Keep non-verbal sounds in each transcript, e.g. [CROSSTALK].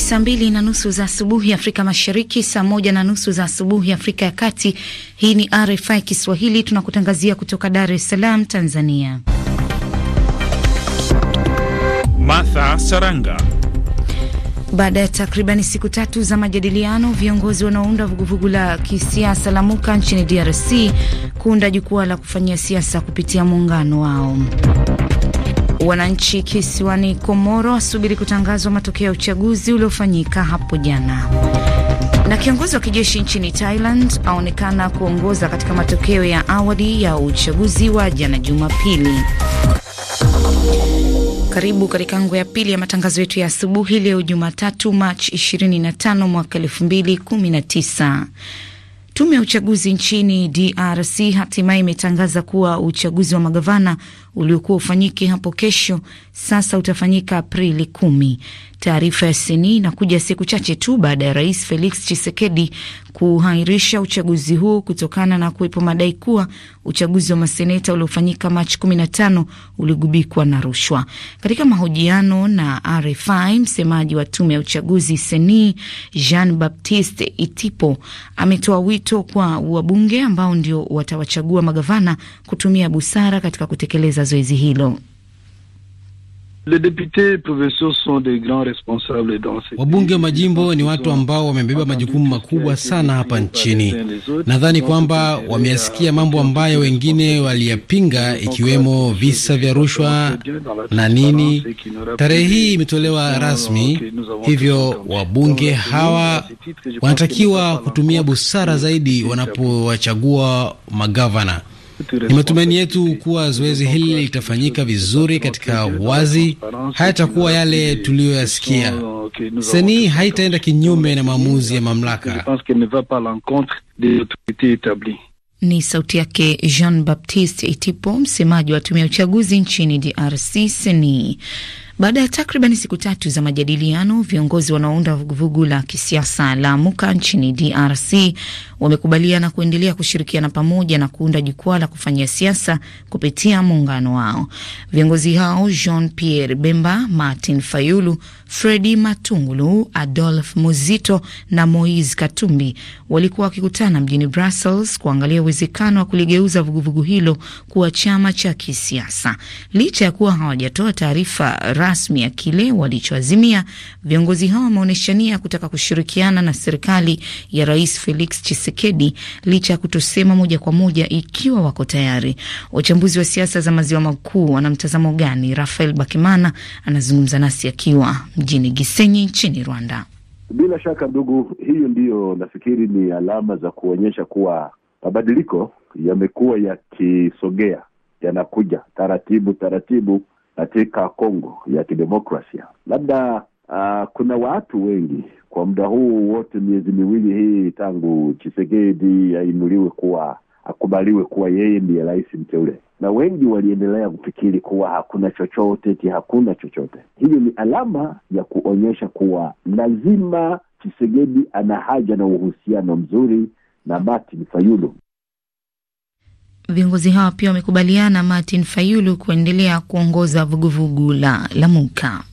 saa mbili na nusu za asubuhi Afrika Mashariki, saa moja na nusu za asubuhi Afrika ya Kati. Hii ni RFI Kiswahili, tunakutangazia kutoka Dar es Salaam, Tanzania. Martha Saranga. Baada ya takribani siku tatu za majadiliano, viongozi wanaounda vuguvugu la kisiasa la Muka nchini DRC kuunda jukwaa la kufanyia siasa kupitia muungano wao. Wananchi kisiwani Komoro wasubiri kutangazwa matokeo ya uchaguzi uliofanyika hapo jana. Na kiongozi wa kijeshi nchini Thailand aonekana kuongoza katika matokeo ya awali ya uchaguzi wa jana Jumapili. Karibu katika ngo ya pili ya matangazo yetu ya asubuhi leo Jumatatu, Machi 25 mwaka 2019. Tume ya uchaguzi nchini DRC hatimaye imetangaza kuwa uchaguzi wa magavana uliokuwa ufanyike hapo kesho sasa utafanyika Aprili kumi. Taarifa ya seni inakuja siku chache tu baada ya Rais Felix Chisekedi kuhairisha uchaguzi huo kutokana na kuwepo madai kuwa uchaguzi wa maseneta uliofanyika Machi 15 uligubikwa na rushwa. Katika mahojiano na RFI, msemaji wa tume ya uchaguzi seni Jean Baptiste Itipo ametoa wito kwa wabunge ambao ndio watawachagua magavana kutumia busara katika kutekeleza kumaliza zoezi hilo. Wabunge wa majimbo ni watu ambao wamebeba majukumu makubwa sana hapa nchini. Nadhani kwamba wameyasikia mambo ambayo wengine waliyapinga, ikiwemo visa vya rushwa na nini. Tarehe hii imetolewa rasmi, hivyo wabunge hawa wanatakiwa kutumia busara zaidi wanapowachagua magavana. Ni matumaini yetu kuwa zoezi hili litafanyika vizuri katika wazi, hayatakuwa yale tuliyoyasikia. Seni haitaenda kinyume na maamuzi ya mamlaka. Ni sauti yake Jean Baptiste Itipo, msemaji wa tume ya uchaguzi nchini DRC Seni. Baada ya takriban siku tatu za majadiliano, viongozi wanaounda vuguvugu la kisiasa la Muka nchini DRC wamekubaliana kuendelea kushirikiana pamoja na kuunda jukwaa la kufanyia siasa kupitia muungano wao. Viongozi hao Jean Pierre Bemba, Martin Fayulu, Fredi Matungulu, Adolf Muzito na Moise Katumbi walikuwa wakikutana mjini Brussels kuangalia uwezekano wa kuligeuza vuguvugu hilo kuwa chama cha kisiasa. Licha ya kuwa hawajatoa taarifa rasmi ya kile walichoazimia, viongozi hao wameonyesha nia kutaka kushirikiana na serikali ya Rais Felix Tshisekedi Chisekedi licha ya kutosema moja kwa moja ikiwa wako tayari. Wachambuzi wa siasa za maziwa makuu wana mtazamo gani? Rafael Bakimana anazungumza nasi akiwa mjini Gisenyi nchini Rwanda. Bila shaka ndugu, hiyo ndiyo nafikiri ni alama za kuonyesha kuwa mabadiliko yamekuwa yakisogea, yanakuja taratibu taratibu katika Kongo ya kidemokrasia. Labda uh, kuna watu wengi kwa muda huu wote, miezi miwili hii tangu Chisekedi ainuliwe kuwa akubaliwe kuwa yeye ndiye rais mteule, na wengi waliendelea kufikiri kuwa hakuna chochote ti hakuna chochote. Hiyo ni alama ya kuonyesha kuwa lazima Chisegedi ana haja na uhusiano mzuri na Martin Fayulu. Viongozi hawa pia wamekubaliana Martin Fayulu kuendelea kuongoza vuguvugu la Lamuka.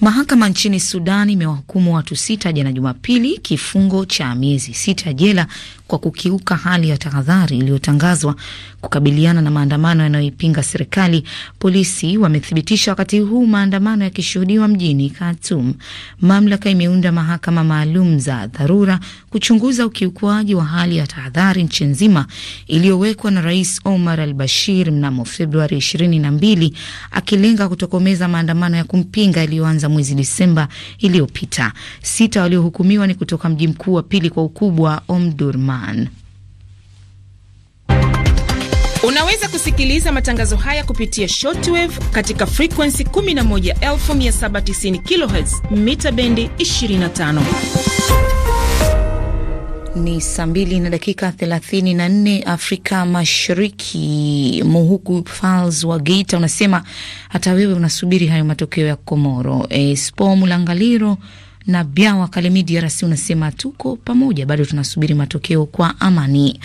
Mahakama nchini Sudan imewahukumu watu sita jana Jumapili kifungo cha miezi sita jela kwa kukiuka hali ya tahadhari iliyotangazwa kukabiliana na maandamano yanayoipinga serikali. Polisi wamethibitisha wakati huu maandamano yakishuhudiwa mjini Khartoum. Mamlaka imeunda mahakama maalum za dharura kuchunguza ukiukwaji wa hali ya tahadhari nchi nzima iliyowekwa na Rais Omar al Bashir mnamo Februari 22 akilenga kutokomeza maandamano ya kumpinga yaliyoanza Uingereza mwezi Disemba iliyopita. Sita waliohukumiwa ni kutoka mji mkuu wa pili kwa ukubwa Omdurman. Unaweza kusikiliza matangazo haya kupitia shortwave katika frekuensi 11790 kHz mita bendi 25. Ni saa mbili na dakika 34 Afrika Mashariki. Muhuku Fals wa Geita unasema hata wewe unasubiri hayo matokeo ya Komoro. E, Spo Mulangaliro na biawa Kalemi DRC unasema tuko pamoja, bado tunasubiri matokeo kwa amani.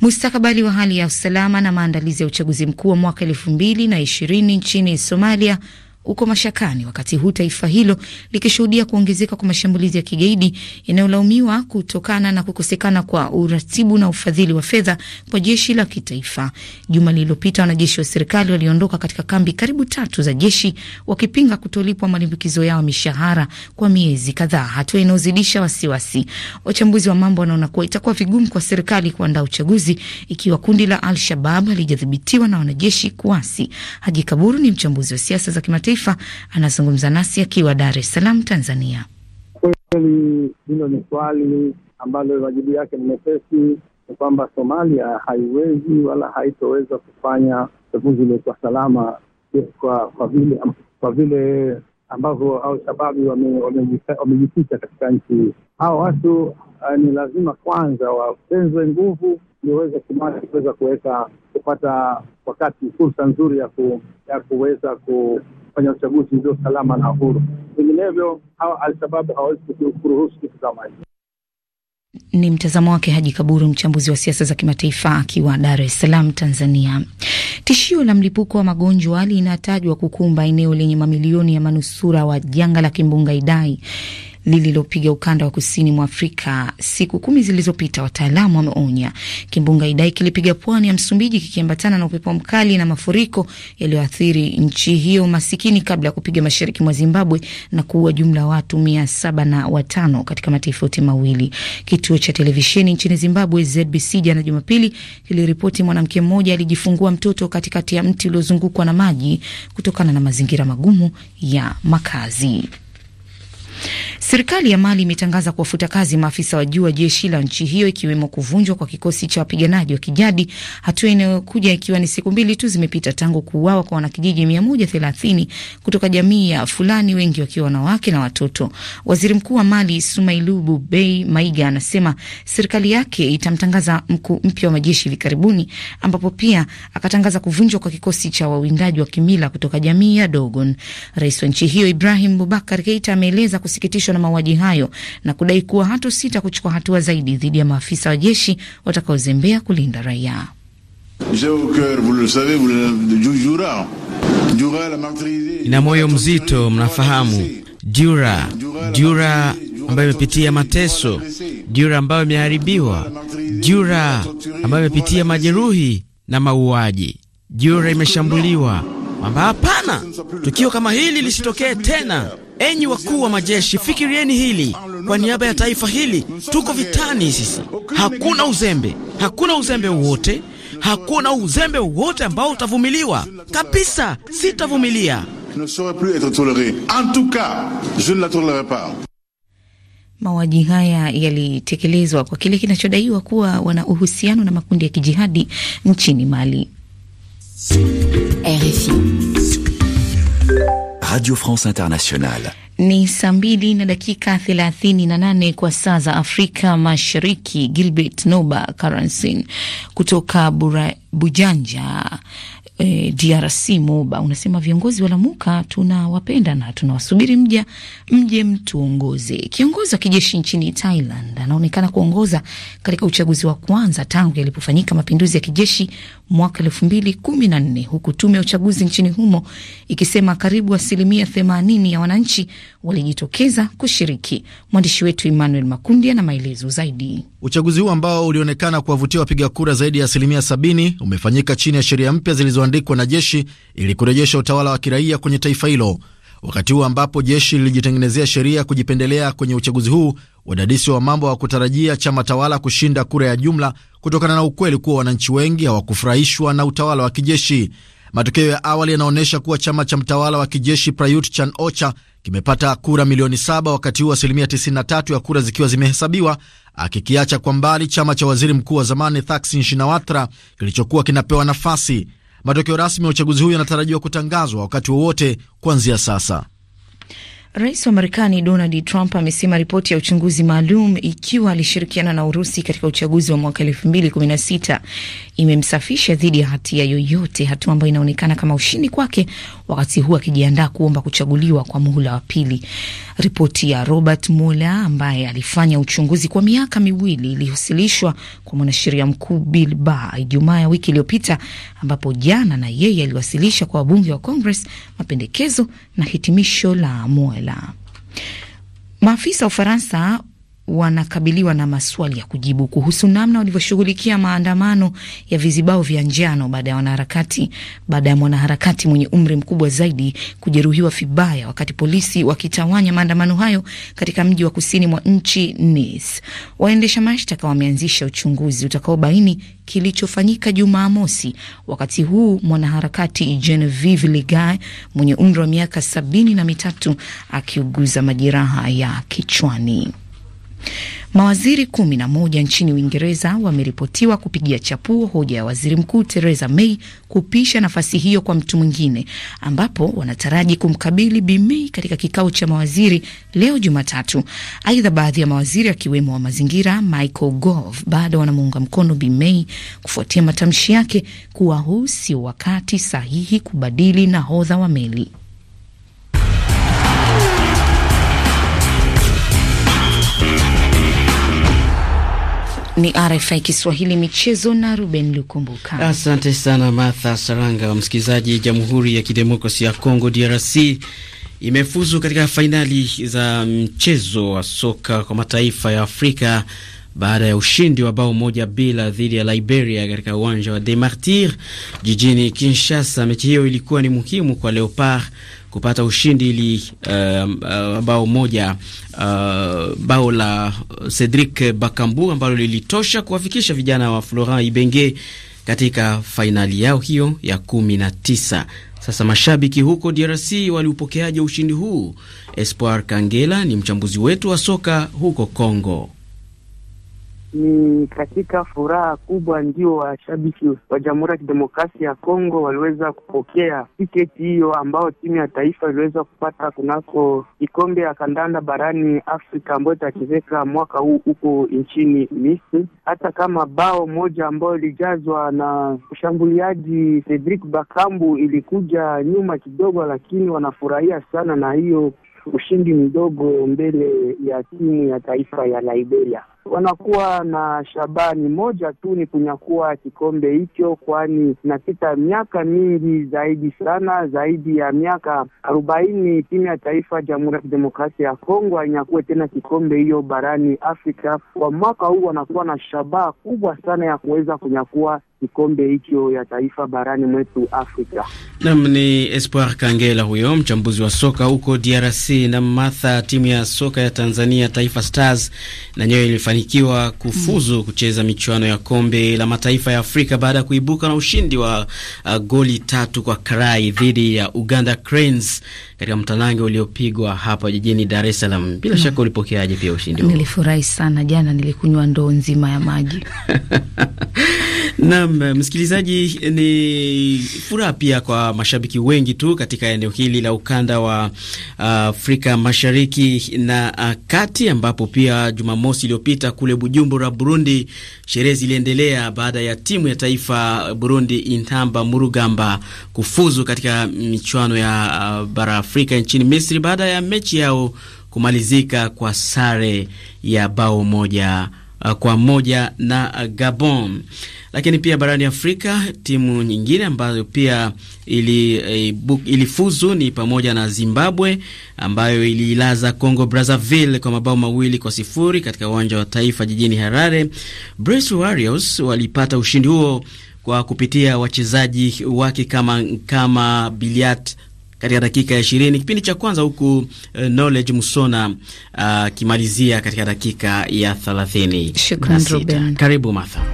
Mustakabali wa hali ya usalama na maandalizi ya uchaguzi mkuu wa mwaka elfu mbili na ishirini nchini Somalia uko mashakani, wakati huu taifa hilo likishuhudia kuongezeka kwa mashambulizi ya kigaidi yanayolaumiwa kutokana na kukosekana kwa uratibu na ufadhili wa fedha kwa jeshi la kitaifa. Juma lililopita wanajeshi wa serikali waliondoka katika kambi karibu tatu za jeshi wakipinga kutolipwa malimbikizo yao mishahara kwa miezi kadhaa, hatua inayozidisha wasiwasi. Wachambuzi wa mambo wanaona kuwa itakuwa vigumu kwa serikali kuandaa uchaguzi ikiwa kundi la Al-Shabab halijadhibitiwa na wanajeshi kuasi. Haji Kaburu ni mchambuzi wa siasa za kimataifa kimataifa anazungumza nasi akiwa Dar es Salaam, Tanzania. Kweli hilo ni swali ambalo majibu yake ni mepesi, ni kwamba Somalia haiwezi wala haitoweza kufanya uchaguzi uliokuwa salama kwa, kwa vile kwa vile ambavyo au sababu wamejificha wame, wame katika nchi hii. Hawa watu uh, ni lazima kwanza wapenzwe nguvu ndio waweze kumali kuweza kuweka kupata wakati fursa nzuri ya, ku, ya kuweza kufanya uchaguzi ulio salama na huru. Vinginevyo hawa Alshababu hawawezi kuruhusu kitu kama hicho. Ni mtazamo wake Haji Kaburu, mchambuzi wa siasa za kimataifa akiwa Dar es Salaam, Tanzania. Tishio la mlipuko wa magonjwa linatajwa kukumba eneo lenye mamilioni ya manusura wa janga la kimbunga Idai lililopiga ukanda wa kusini mwa Afrika siku kumi zilizopita, wataalamu wameonya kimbunga Idai kilipiga pwani ya Msumbiji kikiambatana na upepo mkali na mafuriko yaliyoathiri nchi hiyo masikini kabla ya kupiga mashariki mwa Zimbabwe na kuua jumla watu mia saba na watano katika mataifa yote mawili. Kituo cha televisheni nchini Zimbabwe ZBC jana Jumapili kiliripoti mwanamke mmoja alijifungua mtoto katikati ya mti uliozungukwa na maji kutokana na mazingira magumu ya makazi. Serikali ya Mali imetangaza kuwafuta kazi maafisa wa juu wa jeshi la nchi hiyo ikiwemo kuvunjwa kwa kikosi cha wapiganaji wa kijadi, hatua inayokuja ikiwa ni siku mbili tu zimepita tangu kuuawa kwa wanakijiji 130 kutoka jamii ya Fulani, wengi wakiwa wanawake na watoto. Waziri Mkuu wa Mali Sumailubu Bei Maiga anasema serikali yake itamtangaza mkuu mpya wa majeshi hivi karibuni, ambapo pia akatangaza kuvunjwa kwa kikosi cha wawindaji wa kimila kutoka jamii ya Dogon. Rais wa nchi hiyo Ibrahim Bubakar Keita ameeleza kusikitishwa kusikitishwa na mauaji hayo na kudai kuwa sita kuchukua hatua zaidi dhidi ya maafisa wa jeshi watakaozembea kulinda raia. Ina moyo mzito, mnafahamu Jura, Jura ambayo imepitia mateso, Jura ambayo imeharibiwa, Jura ambayo imepitia majeruhi na mauaji, Jura imeshambuliwa, kwamba hapana, tukio kama hili lisitokee tena. Enyi wakuu wa majeshi, fikirieni hili kwa niaba ya taifa hili. Tuko vitani sisi, hakuna uzembe, hakuna uzembe wowote, hakuna uzembe wowote ambao utavumiliwa kabisa. Sitavumilia. Mauaji haya yalitekelezwa kwa kile kinachodaiwa kuwa wana uhusiano na makundi ya kijihadi nchini Mali. RFI. Radio France Internationale. Ni saa mbili na dakika 38 kwa saa za Afrika Mashariki. Gilbert Noba Karansin kutoka Bura, Bujanja e, eh, DRC. Moba unasema viongozi walamuka, tunawapenda na tunawasubiri mja mje mtuongoze. Kiongozi wa kijeshi nchini Thailand anaonekana kuongoza katika uchaguzi wa kwanza tangu yalipofanyika mapinduzi ya kijeshi mwaka nne huku tume ya uchaguzi nchini humo ikisema karibu asilimia 80 ya wananchi walijitokeza kushiriki. Mwandishi wetu Emmanuel Makundi ana maelezo zaidi. Uchaguzi huu ambao ulionekana kuwavutia wapiga kura zaidi ya asilimia 70 umefanyika chini ya sheria mpya zilizoandikwa na jeshi ili kurejesha utawala wa kiraia kwenye taifa hilo wakati huu ambapo jeshi lilijitengenezea sheria kujipendelea kwenye uchaguzi huu. Wadadisi wa mambo hawakutarajia chama tawala kushinda kura ya jumla kutokana na ukweli kuwa wananchi wengi hawakufurahishwa na utawala wa kijeshi. Matokeo ya awali yanaonyesha kuwa chama cha mtawala wa kijeshi Prayut Chan Ocha kimepata kura milioni saba wakati huu asilimia 93 ya kura zikiwa zimehesabiwa, akikiacha kwa mbali chama cha waziri mkuu wa zamani Thaksin Shinawatra kilichokuwa kinapewa nafasi. Matokeo rasmi ya uchaguzi huyo yanatarajiwa kutangazwa wakati wowote kuanzia sasa. Rais wa Marekani Donald Trump amesema ripoti ya uchunguzi maalum ikiwa alishirikiana na Urusi katika uchaguzi wa mwaka elfu mbili kumi na sita imemsafisha dhidi ya hatia yoyote, hatua ambayo inaonekana kama ushindi kwake, wakati huu akijiandaa kuomba kuchaguliwa kwa muhula wa pili. Ripoti ya Robert Mueller ambaye alifanya uchunguzi kwa miaka miwili iliwasilishwa kwa mwanasheria mkuu Bill Barr Ijumaa ya wiki iliyopita, ambapo jana na yeye aliwasilisha kwa wabunge wa Congress mapendekezo na hitimisho la Mueller. Sahela. Maafisa wa Ufaransa wanakabiliwa na maswali ya kujibu kuhusu namna walivyoshughulikia maandamano ya vizibao vya njano baada ya wanaharakati baada ya mwanaharakati mwenye umri mkubwa zaidi kujeruhiwa vibaya wakati polisi wakitawanya maandamano hayo katika mji wa kusini mwa nchi Nice. Waendesha mashtaka wameanzisha uchunguzi utakaobaini kilichofanyika Jumamosi, wakati huu mwanaharakati Genevieve Ligay mwenye umri wa miaka sabini na mitatu akiuguza majeraha ya kichwani. Mawaziri kumi na moja nchini Uingereza wameripotiwa kupigia chapuo hoja ya waziri mkuu Theresa May kupisha nafasi hiyo kwa mtu mwingine, ambapo wanataraji kumkabili Bi May katika kikao cha mawaziri leo Jumatatu. Aidha, baadhi ya mawaziri akiwemo wa mazingira Michael Gove bado wanamuunga mkono Bi May kufuatia matamshi yake kuwa huu sio wakati sahihi kubadili nahodha wa meli. Ni RFI Kiswahili michezo na Ruben Lukumbuka. Asante sana Martha Saranga. Wa msikilizaji, Jamhuri ya Kidemokrasia ya Kongo DRC imefuzu katika fainali za mchezo wa soka kwa mataifa ya Afrika baada ya ushindi wa bao moja bila dhidi ya Liberia katika uwanja wa demartir jijini Kinshasa. Mechi hiyo ilikuwa ni muhimu kwa Leopard kupata ushindi ili uh, uh, bao moja uh, bao la Cedric Bakambu ambalo lilitosha kuwafikisha vijana wa Florent Ibenge katika fainali yao hiyo ya kumi na tisa. Sasa mashabiki huko DRC waliupokeaje ushindi huu? Espoir Kangela ni mchambuzi wetu wa soka huko Congo ni katika furaha kubwa ndio washabiki wa, Jamhuri ya Kidemokrasia ya Kongo waliweza kupokea tiketi hiyo ambao timu ya taifa iliweza kupata kunako kikombe ya kandanda barani Afrika ambayo itachezeka mwaka huu huko nchini Misri, hata kama bao moja ambayo ilijazwa na mshambuliaji Cedric Bakambu ilikuja nyuma kidogo, lakini wanafurahia sana na hiyo ushindi mdogo mbele ya timu ya taifa ya Liberia wanakuwa na shabani moja tu ni kunyakua kikombe hicho, kwani inapita miaka mingi zaidi sana, zaidi ya miaka arobaini timu ya taifa ya Jamhuri ya Kidemokrasia ya Kongo ainyakue tena kikombe hiyo barani Afrika. Kwa mwaka huu wanakuwa na shabaha kubwa sana ya kuweza kunyakua kikombe hicho ya taifa barani mwetu Afrika. Nam ni Espoir Kangela huyo mchambuzi wa soka huko DRC. Na Martha, timu ya soka ya Tanzania Taifa Stars na nyewe alifanikiwa kufuzu mm, kucheza michuano ya kombe la mataifa ya Afrika baada ya kuibuka na ushindi wa uh, goli tatu kwa karai dhidi ya Uganda Cranes katika mtalange uliopigwa hapa jijini Dar es Salaam. Bila mm. shaka ulipokeaje pia ushindi Nilifurahi sana jana, nilikunywa ndoo nzima ya maji [LAUGHS] Naam, msikilizaji, ni furaha pia kwa mashabiki wengi tu katika eneo hili la ukanda wa uh, Afrika Mashariki na uh, Kati, ambapo pia Jumamosi iliyopita kule Bujumbura, Burundi, sherehe ziliendelea baada ya timu ya taifa Burundi Intamba Murugamba kufuzu katika michuano ya uh, bara Afrika nchini Misri baada ya mechi yao kumalizika kwa sare ya bao moja uh, kwa moja na Gabon. Lakini pia barani Afrika timu nyingine ambayo pia ili, eh, ilifuzu ni pamoja na Zimbabwe ambayo ililaza Congo Brazzaville kwa mabao mawili kwa sifuri katika uwanja wa taifa jijini Harare. Bruce Warriors walipata ushindi huo kwa kupitia wachezaji wake kama, kama Biliat katika dakika ya ishirini kipindi cha kwanza, huku eh, Knowledge Musona ah, akimalizia katika dakika ya thelathini na Karibu Martha.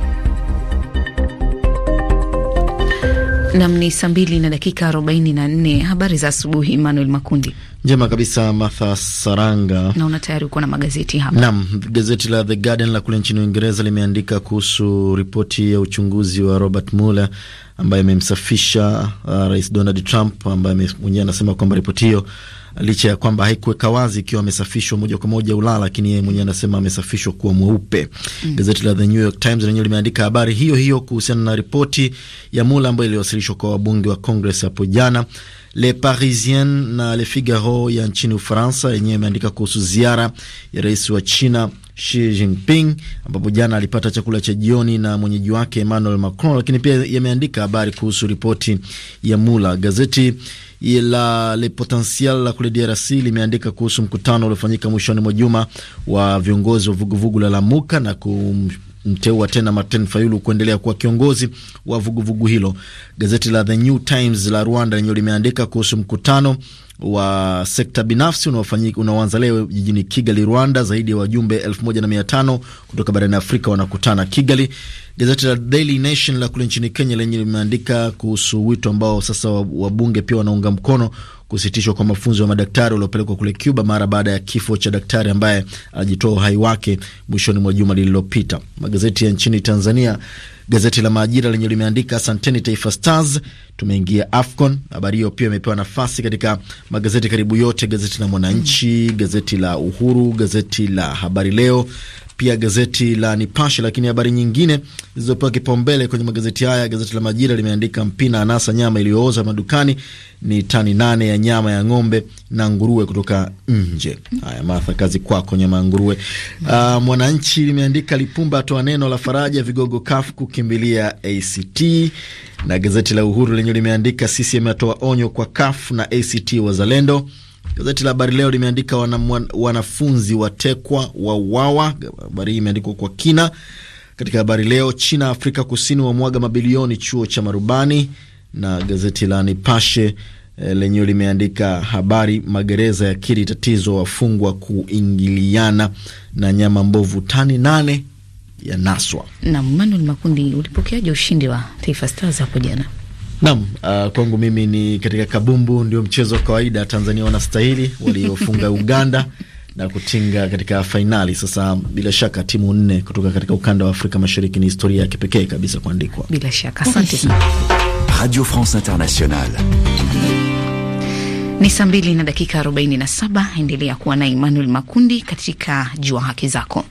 Nam ni saa mbili na dakika arobaini na nne. Habari za asubuhi, Emmanuel Makundi. Njema kabisa Martha Saranga. Na una tayari uko na magazeti hapa. Naam, gazeti la The Guardian la kule nchini Uingereza limeandika kuhusu ripoti ya uchunguzi wa Robert Mueller ambaye amemsafisha uh, Rais Donald Trump ambaye mwenyewe anasema kwamba ripoti hiyo licha ya kwamba haikuweka wazi ikiwa amesafishwa moja kwa moja Ulaya, lakini yeye mwenyewe anasema amesafishwa kuwa mweupe. Mm. Gazeti la The New York Times lenyewe limeandika habari hiyo hiyo kuhusiana na ripoti ya Mueller ambayo iliwasilishwa kwa wabunge wa Congress hapo jana. Le Parisien na Le Figaro ya nchini Ufaransa yenyewe imeandika kuhusu ziara ya rais wa China Xi Jinping ambapo jana alipata chakula cha jioni na mwenyeji wake Emmanuel Macron, lakini pia yameandika habari kuhusu ripoti ya Mula. Gazeti la Le Potentiel la kule DRC limeandika kuhusu mkutano uliofanyika mwishoni mwa juma wa viongozi wa vuguvugu la Lamuka na kum kumteua tena Martin Fayulu kuendelea kuwa kiongozi wa vuguvugu vugu hilo. Gazeti la The New Times la Rwanda lenyewe limeandika kuhusu mkutano wa sekta binafsi unaoanza leo jijini Kigali, Rwanda. Zaidi ya wajumbe elfu moja na mia tano kutoka barani Afrika wanakutana Kigali. Gazeti la Daily Nation la kule nchini Kenya lenye limeandika kuhusu wito ambao sasa wabunge pia wanaunga mkono kusitishwa kwa mafunzo ya madaktari waliopelekwa kule Cuba mara baada ya kifo cha daktari ambaye alijitoa uhai wake mwishoni mwa juma lililopita. Magazeti ya nchini Tanzania Gazeti la Majira lenye limeandika asanteni Taifa Stars, tumeingia AFCON. Habari hiyo pia imepewa nafasi katika magazeti karibu yote, gazeti la Mwananchi, gazeti la Uhuru, gazeti la Habari Leo, pia gazeti la Nipashe. Lakini habari nyingine zilizopewa kipaumbele kwenye magazeti haya, gazeti la Majira limeandika Mpina anasa nyama iliyooza madukani, ni tani nane ya nyama ya ng'ombe na nguruwe kutoka nje. Haya, Martha, kazi kwako, nyama ya nguruwe. Uh, Mwananchi limeandika Lipumba atoa neno la faraja, vigogo kafu kukimbilia ACT. Na gazeti la Uhuru lenyewe limeandika CCM yatoa onyo kwa CUF na ACT Wazalendo. Gazeti la Habari Leo limeandika wana, wanafunzi watekwa wauawa. Habari hii imeandikwa kwa kina katika Habari Leo. China, Afrika Kusini wamwaga mabilioni chuo cha marubani. Na gazeti la Nipashe e, lenyewe limeandika habari magereza kiri tatizo wafungwa kuingiliana na nyama mbovu tani nane ya Naswa. Na Manuel Makundi, ulipokeaje ushindi wa Taifa Stars hapo jana? Naam, uh, kwangu mimi ni katika kabumbu, ndio mchezo wa kawaida. Tanzania wanastahili waliofunga [LAUGHS] Uganda na kutinga katika fainali. Sasa bila shaka timu nne kutoka katika ukanda wa Afrika Mashariki ni historia ya kipekee kabisa kuandikwa. Bila shaka, asante sana. Radio France Internationale. Ni saa mbili na dakika 47. Endelea kuwa na Emmanuel Makundi katika Jua Haki Zako.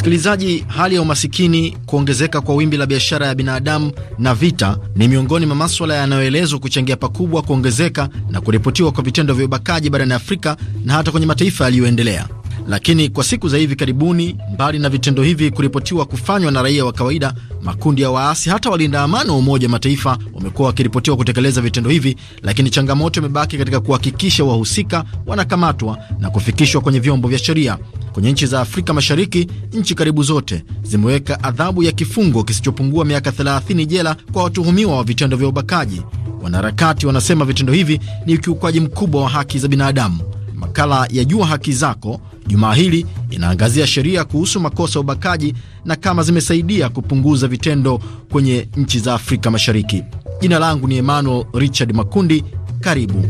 Msikilizaji, hali ya umasikini, kuongezeka kwa wimbi la biashara ya binadamu na vita ni miongoni mwa maswala yanayoelezwa kuchangia pakubwa kuongezeka na kuripotiwa kwa vitendo vya ubakaji barani Afrika na hata kwenye mataifa yaliyoendelea. Lakini kwa siku za hivi karibuni, mbali na vitendo hivi kuripotiwa kufanywa na raia wa kawaida, makundi ya waasi, hata walinda amani wa Umoja wa Mataifa wamekuwa wakiripotiwa kutekeleza vitendo hivi, lakini changamoto imebaki katika kuhakikisha wahusika wanakamatwa na kufikishwa kwenye vyombo vya sheria. Kwenye nchi za Afrika Mashariki, nchi karibu zote zimeweka adhabu ya kifungo kisichopungua miaka 30 jela kwa watuhumiwa wa vitendo vya ubakaji. Wanaharakati wanasema vitendo hivi ni ukiukwaji mkubwa wa haki za binadamu. Makala ya Jua Haki Zako jumaa hili inaangazia sheria kuhusu makosa ya ubakaji na kama zimesaidia kupunguza vitendo kwenye nchi za Afrika Mashariki. Jina langu ni Emmanuel Richard Makundi. Karibu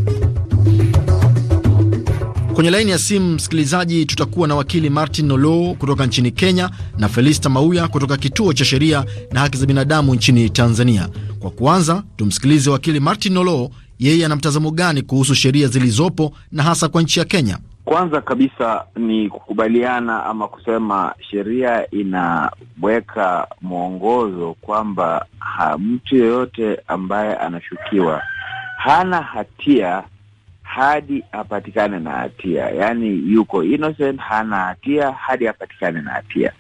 kwenye laini ya simu, msikilizaji. Tutakuwa na wakili Martin Olo kutoka nchini Kenya na Felista Mauya kutoka kituo cha sheria na haki za binadamu nchini Tanzania. Kwa kuanza, tumsikilize wakili Martin Olo yeye ana mtazamo gani kuhusu sheria zilizopo na hasa kwa nchi ya Kenya? Kwanza kabisa ni kukubaliana ama kusema sheria inaweka mwongozo kwamba mtu yeyote ambaye anashukiwa hana hatia hadi apatikane na hatia, yaani yuko innocent, hana hatia hadi apatikane na hatia.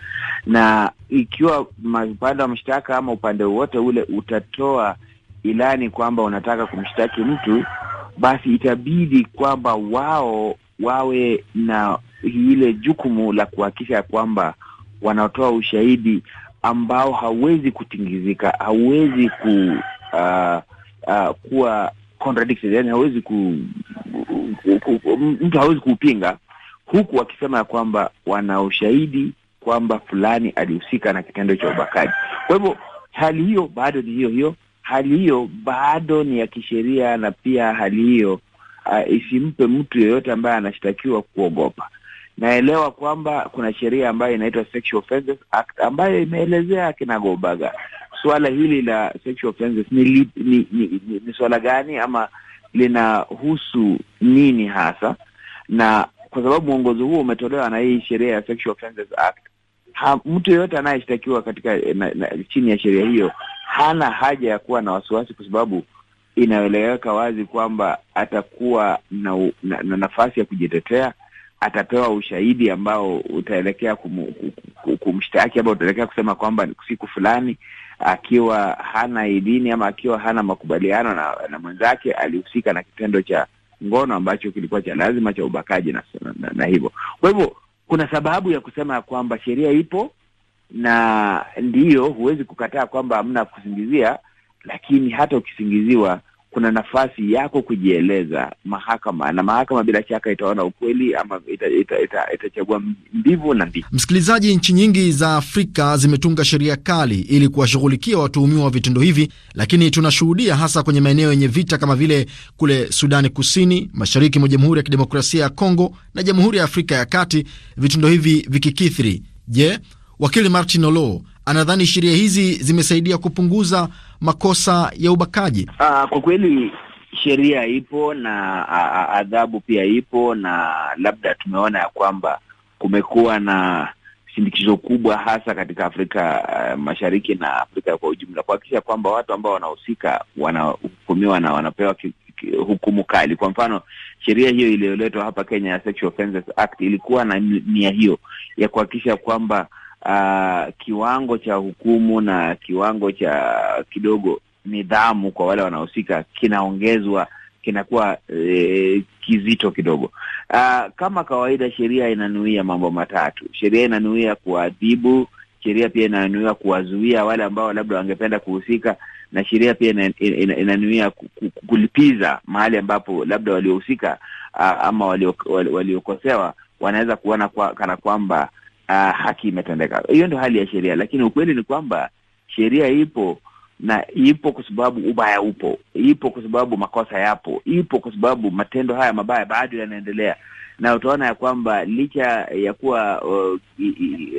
Na ikiwa upande wa mashtaka ama upande wowote ule utatoa ilani kwamba unataka kumshtaki mtu, basi itabidi kwamba wao wawe na ile jukumu la kuhakikisha kwamba wanatoa ushahidi ambao hauwezi kutingizika, hauwezi ku uh, uh, kuwa contradicted, yani hawezi ku, ku, ku, mtu hawezi kuupinga, huku wakisema ya kwamba wana ushahidi kwamba fulani alihusika na kitendo cha ubakaji. Kwa hivyo hali hiyo bado ni hiyo hiyo hali hiyo bado ni ya kisheria, na pia hali hiyo uh, isimpe mtu yeyote ambaye anashtakiwa kuogopa. Naelewa kwamba kuna sheria ambayo inaitwa Sexual Offences Act ambayo imeelezea akina Gobaga suala hili la sexual ni, ni, ni, ni, ni suala gani ama linahusu nini hasa, na kwa sababu mwongozo huo umetolewa na hii sheria ya Sexual Offences Act, mtu yeyote anayeshtakiwa katika na, na, chini ya sheria hiyo hana haja ya kuwa na wasiwasi, kwa sababu inaeleweka wazi kwamba atakuwa na, na, na nafasi ya kujitetea. Atapewa ushahidi ambao utaelekea kum, kumshtaki ama utaelekea kusema kwamba siku fulani akiwa hana idhini ama akiwa hana makubaliano na, na mwenzake alihusika na kitendo cha ngono ambacho kilikuwa cha lazima cha ubakaji na, na, na, na hivyo. Kwa hivyo kuna sababu ya kusema ya kwamba sheria ipo na ndiyo, huwezi kukataa kwamba hamna kusingizia, lakini hata ukisingiziwa kuna nafasi yako kujieleza mahakama, na mahakama bila shaka itaona ukweli ama itachagua ita, ita, ita mbivu na mbivu Msikilizaji, nchi nyingi za Afrika zimetunga sheria kali ili kuwashughulikia watuhumiwa wa vitendo hivi, lakini tunashuhudia hasa kwenye maeneo yenye vita kama vile kule Sudani Kusini, mashariki mwa Jamhuri ya Kidemokrasia ya Kongo na Jamhuri ya Afrika ya Kati, vitendo hivi vikikithiri. Je, Wakili Martin Olo anadhani sheria hizi zimesaidia kupunguza makosa ya ubakaji. Uh, kwa kweli sheria ipo na adhabu pia ipo, na labda tumeona ya kwamba kumekuwa na shindikizo kubwa hasa katika Afrika uh, Mashariki na Afrika kwa ujumla kuhakikisha kwamba watu ambao wanahusika wanahukumiwa na wanapewa ki, ki, hukumu kali. Kwa mfano, sheria hiyo iliyoletwa hapa Kenya ya Sexual Offences Act ilikuwa na nia hiyo ya kuhakikisha kwamba uh, kiwango cha hukumu na kiwango cha kidogo nidhamu kwa wale wanaohusika kinaongezwa, kinakuwa e, kizito kidogo. Uh, kama kawaida, sheria inanuia mambo matatu. Sheria inanuia kuadhibu, sheria pia inanuia kuwazuia wale ambao labda wangependa kuhusika, na sheria pia inanuia kulipiza mahali ambapo labda waliohusika uh, ama waliokosewa wanaweza kuona kwa, kana kwamba uh, ah, haki imetendeka. Hiyo ndio hali ya sheria, lakini ukweli ni kwamba sheria ipo na ipo kwa sababu ubaya upo, ipo kwa sababu makosa yapo, ipo kwa sababu matendo haya mabaya bado yanaendelea, na utaona ya kwamba licha ya kuwa uh, i, i,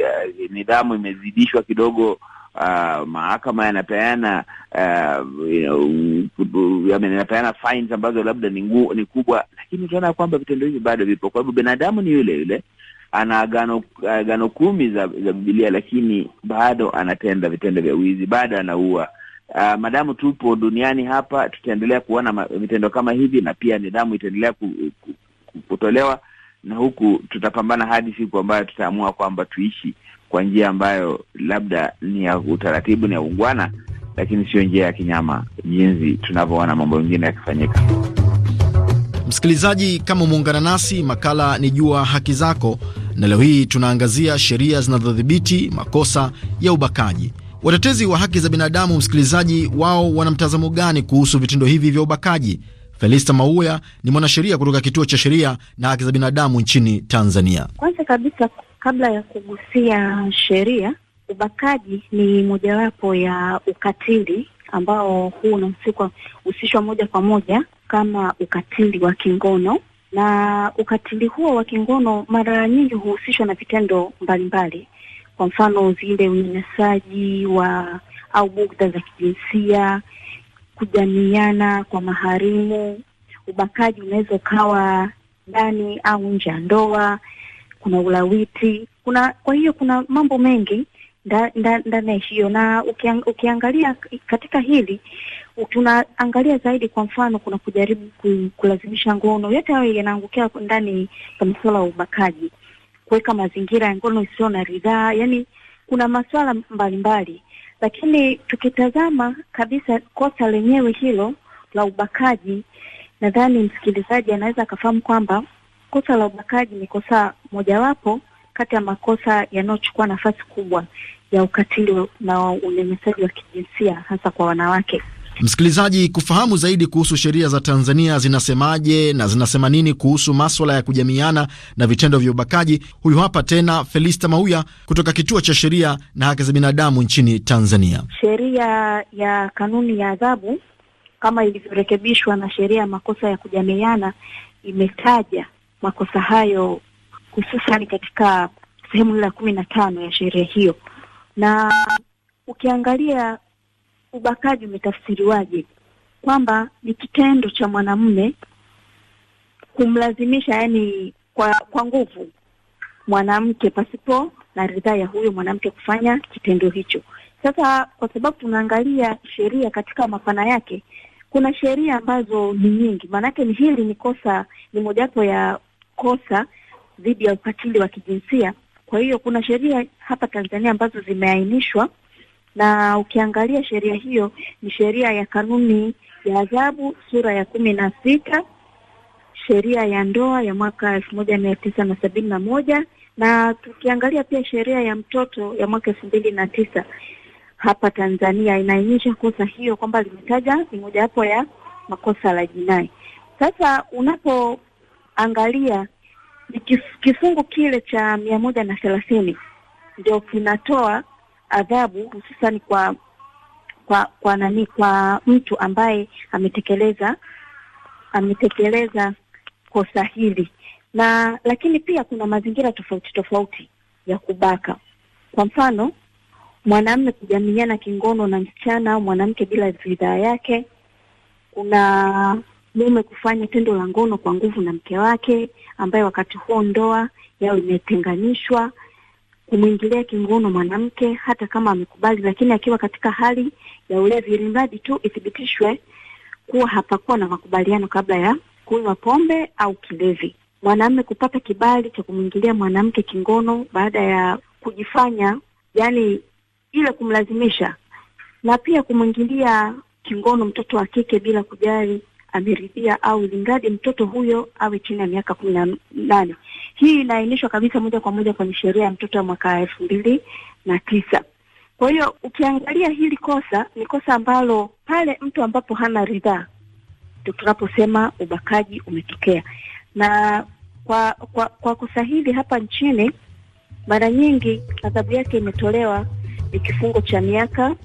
uh, nidhamu imezidishwa kidogo Uh, mahakama yanapeana uh, you know, yaani yanapeana fines ambazo labda ni kubwa, lakini utaona kwamba vitendo hivi bado vipo, kwa sababu binadamu ni yule yule, ana agano, agano kumi za, za bibilia lakini bado anatenda vitendo vya wizi, bado anaua. Uh, madamu tupo duniani hapa tutaendelea kuona vitendo kama hivi, na pia nidhamu itaendelea kutolewa na huku tutapambana hadi siku ambayo tutaamua kwamba tuishi kwa njia ambayo labda ni ya utaratibu, ni ya ungwana lakini sio njia ya kinyama jinsi tunavyoona mambo mengine yakifanyika. Msikilizaji, kama umeungana nasi, makala ni Jua Haki Zako na leo hii tunaangazia sheria zinazodhibiti makosa ya ubakaji. Watetezi wa haki za binadamu, msikilizaji, wao wana mtazamo gani kuhusu vitendo hivi vya ubakaji? Felista Mauya ni mwanasheria kutoka Kituo cha Sheria na Haki za Binadamu nchini Tanzania. Kwanza kabisa, kabla ya kugusia sheria, ubakaji ni mojawapo ya ukatili ambao huu unahusishwa moja kwa moja kama ukatili wa kingono na ukatili huo wa kingono mara nyingi huhusishwa na vitendo mbalimbali, kwa mfano zile unyanyasaji wa au bugdha za kijinsia, kujamiana kwa maharimu, ubakaji unaweza ukawa ndani au nje ya ndoa, kuna ulawiti, kuna kwa hiyo kuna mambo mengi ndani ya hiyo, na ukiang, ukiangalia katika hili tunaangalia zaidi, kwa mfano kuna kujaribu kulazimisha ngono, yote hayo yanaangukia ndani ya masuala ya ubakaji, kuweka mazingira ya ngono isiyo na ridhaa, yani kuna masuala mbalimbali, lakini tukitazama kabisa kosa lenyewe hilo la ubakaji, nadhani msikilizaji anaweza akafahamu kwamba kosa la ubakaji ni kosa mojawapo kati ya makosa yanayochukua nafasi kubwa ya ukatili na unyanyasaji wa kijinsia hasa kwa wanawake. Msikilizaji, kufahamu zaidi kuhusu sheria za Tanzania zinasemaje na zinasema nini kuhusu maswala ya kujamiana na vitendo vya ubakaji, huyu hapa tena Felista Mauya kutoka Kituo cha Sheria na Haki za Binadamu nchini Tanzania. Sheria ya kanuni ya adhabu kama ilivyorekebishwa na sheria ya makosa ya kujamiana imetaja makosa hayo hususan katika sehemu la kumi na tano ya sheria hiyo. Na ukiangalia ubakaji umetafsiriwaje, kwamba ni kitendo cha mwanamume kumlazimisha, yani kwa kwa nguvu mwanamke pasipo na ridhaa ya huyo mwanamke kufanya kitendo hicho. Sasa kwa sababu tunaangalia sheria katika mapana yake, kuna sheria ambazo ni nyingi, maanake ni hili ni kosa, ni mojawapo ya kosa dhidi ya ukatili wa kijinsia. Kwa hiyo kuna sheria hapa Tanzania ambazo zimeainishwa, na ukiangalia sheria hiyo ni sheria ya kanuni ya adhabu sura ya kumi na sita sheria ya ndoa ya mwaka elfu moja mia tisa na sabini na moja na tukiangalia pia sheria ya mtoto ya mwaka elfu mbili na tisa hapa Tanzania inaainisha kosa hiyo kwamba limetaja ni mojawapo ya makosa la jinai. Sasa unapoangalia Kifungu kile cha mia moja na thelathini ndio kinatoa adhabu hususani kwa kwa kwa nani, kwa mtu ambaye ametekeleza ametekeleza kosa hili na lakini pia kuna mazingira tofauti tofauti ya kubaka. Kwa mfano, mwanamme kujamiliana kingono na msichana au mwanamke bila ridhaa yake. Kuna mume kufanya tendo la ngono kwa nguvu na mke wake ambaye wakati huo ndoa yao imetenganishwa, kumwingilia kingono mwanamke hata kama amekubali, lakini akiwa katika hali ya ulevi, ili mradi tu ithibitishwe kuwa hapakuwa na makubaliano kabla ya kunywa pombe au kilevi. Mwanamume kupata kibali cha kumwingilia mwanamke kingono baada ya kujifanya, yani ile kumlazimisha, na pia kumwingilia kingono mtoto wa kike bila kujali ameridhia au lingadi mtoto huyo awe chini ya miaka kumi na nane. Hii inaainishwa kabisa moja kwa moja kwenye sheria ya mtoto ya mwaka elfu mbili na tisa. Kwa hiyo ukiangalia hili kosa ni kosa ambalo pale mtu ambapo hana ridhaa, tunaposema ubakaji umetokea, na kwa kwa kwa kosa hili hapa nchini mara nyingi adhabu yake imetolewa ni kifungo cha miaka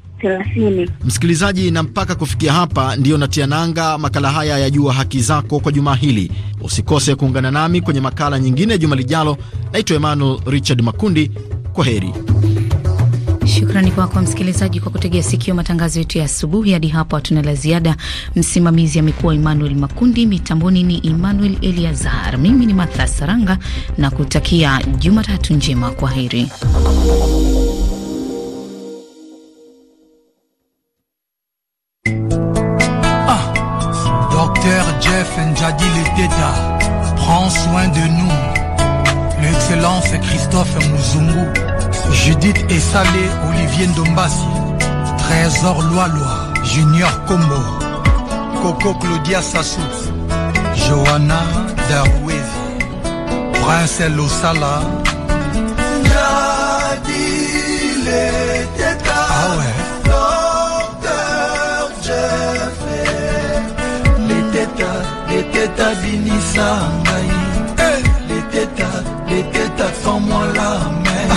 Msikilizaji, na mpaka kufikia hapa ndiyo natia nanga makala haya ya Jua Haki Zako kwa jumaa hili. Usikose kuungana nami kwenye makala nyingine ya juma lijalo. Naitwa Emmanuel Richard Makundi, kwa heri. Shukrani kwako msikilizaji kwa kutegea sikio matangazo yetu ya asubuhi. Hadi hapo hatuna la ziada. Msimamizi amekuwa Emmanuel Makundi, mitamboni ni Emmanuel Eliazar, mimi ni matha Saranga na kutakia Jumatatu njema. Kwa heri. le Teta Prends soin de nous. L'excellence Christophe Mouzungu, Judith salé Olivier Dombasi, Trésor loi Junior Combo, Coco Claudia Sassou, Johanna Darwezi, Prince Losala, tabinisa ngai leteta leteta sans-moi la main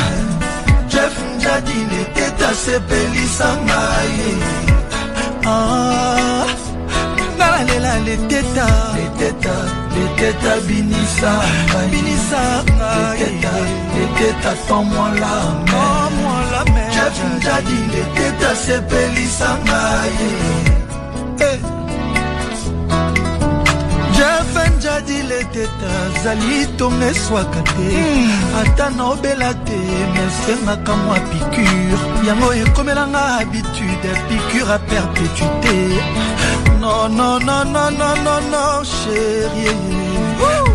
jeff njadi leteta sepelisa ngai nalalela leteta eh. leteta leteta binisa binisa leteta leteta sans-moi la main jeff njadi leteta sepelisa ngai adilete tazali tonga eswaka te hmm. ata nobela te mesengaka mwa picure yango ekomelanga habitude picure a perpétuité nonnnnnnnnn chérie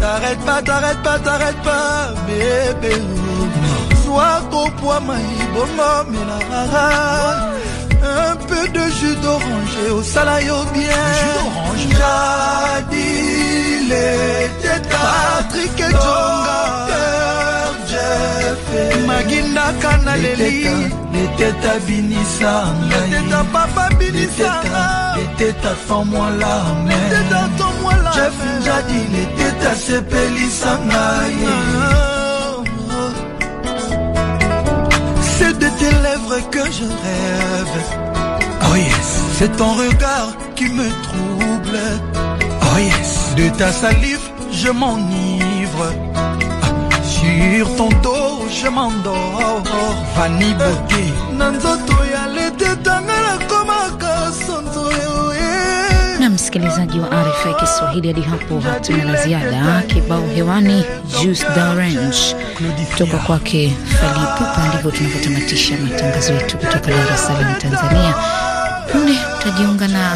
t'arrête pas t'arrête pas t'arrête pas bébé sois kopoa maibongo melarara un peu de jus d'orange osala yo bien jadi il était Patrick Ejonga magindaka na leli liteta binisa ngaiteta papa binisanga liteta famwala liteta tomwala Jeff jadi liteta ta ngai C'est de tes lèvres que je rêve. Oh yes, c'est ton regard qui me trouble. Oh yes. De ta salive, je m'enivre. Ah, sur ton dos, je m'endors. Vanille beauté. Na msikilizaji wa RFI Kiswahili, hadi hapo hatuna la ziada. Kibao hewani Juice d'Orange kutoka kwake Fally Ipupa. Ndivyo tunavyotamatisha matangazo yetu kutoka Dar es Salaam, Tanzania. Punde tutajiunga na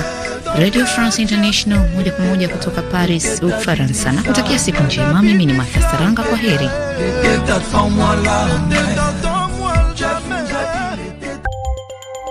Radio France International moja kwa moja kutoka Paris, Ufaransa. Nakutakia siku njema. Mimi ni Martha Saranga, kwa heri.